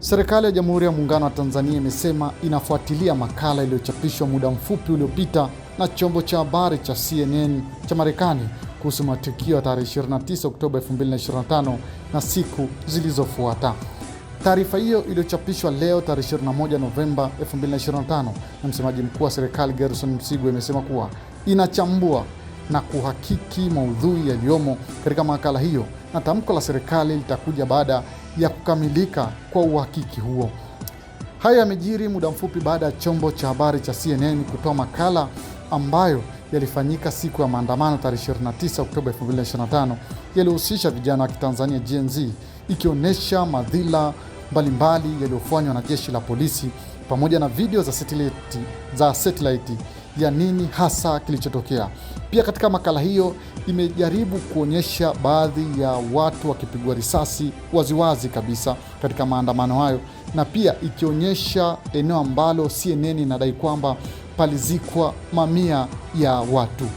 Serikali ya Jamhuri ya Muungano wa Tanzania imesema inafuatilia makala iliyochapishwa muda mfupi uliopita na chombo cha habari cha CNN cha Marekani kuhusu matukio ya tarehe 29 Oktoba 2025 na siku zilizofuata. Taarifa hiyo iliyochapishwa leo tarehe 21 Novemba 2025 na msemaji mkuu wa serikali Gerson Msigwe imesema kuwa inachambua na kuhakiki maudhui yaliyomo katika makala hiyo, na tamko la serikali litakuja baada ya kukamilika kwa uhakiki huo. Haya yamejiri muda mfupi baada ya chombo cha habari cha CNN kutoa makala ambayo yalifanyika siku ya maandamano tarehe 29 Oktoba 2025, yaliyohusisha vijana wa Kitanzania Gen Z, ikionyesha madhila mbalimbali yaliyofanywa na jeshi la polisi pamoja na video za satellite za satellite ya nini hasa kilichotokea. Pia katika makala hiyo imejaribu kuonyesha baadhi ya watu wakipigwa risasi waziwazi kabisa katika maandamano hayo, na pia ikionyesha eneo ambalo CNN inadai kwamba palizikwa mamia ya watu.